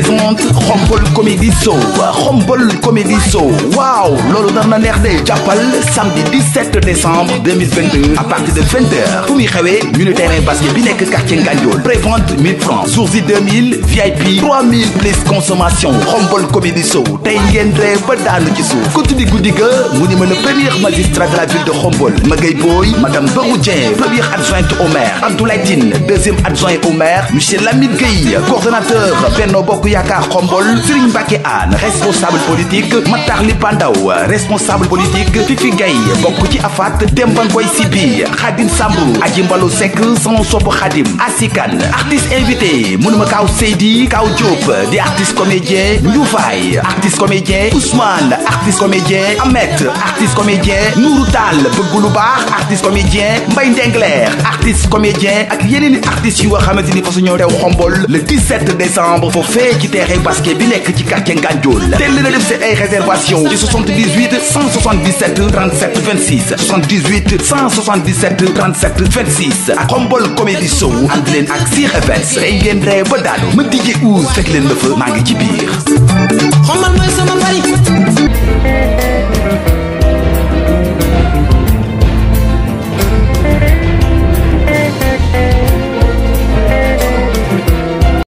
présente Xombol Comedy Show Xombol Comedy Show waaw loolu nar na neex de jàppal samedi décembre à partir de 20h fu basket bi nekk quartier Ngadiol prévente francs sourcil 2000 VIP plus consommation Xombol Comedy Show tey ngeen ci suuf ku tuddi guddi ga mu ni a premier magistrat de la ville de Xombol Magay madame Barou première adjointe au maire deuxième adjoint au maire monsieur Lamine Gueye coordonnateur bokk yaakaar xombol Serigne Mbacke Anne responsable politique Matar Li Pandaw responsable politique Fifi Gaye bokk ci afat Demba Ngoy Sibi Khadim Sambou Aji Mbalu Seck sama sopp Khadim Asikan artiste invité mënuma Kaw Seydi Kaw Diop di artiste comédien Ndioufay artiste comédien Ousmane artiste comédien Ahmed artiste comédien Nourou Tall bëgg lu baax artiste comédien Mbaye Ndengler artiste comédien ak yeneen i artistes yu nga ni fa su ñëw teew xombol le 17 décembre foofee ci terrain basket bi nekk ci quartier Nganjool teel leen a def seen ay réservation ci 78 177 37 26 78 177 37 26 ak Khombole Comédie Show ànd leen ak Sir Events day ngeen ree ba daanu ma DJ Ouz fekk leen na fa maa ngi ci biir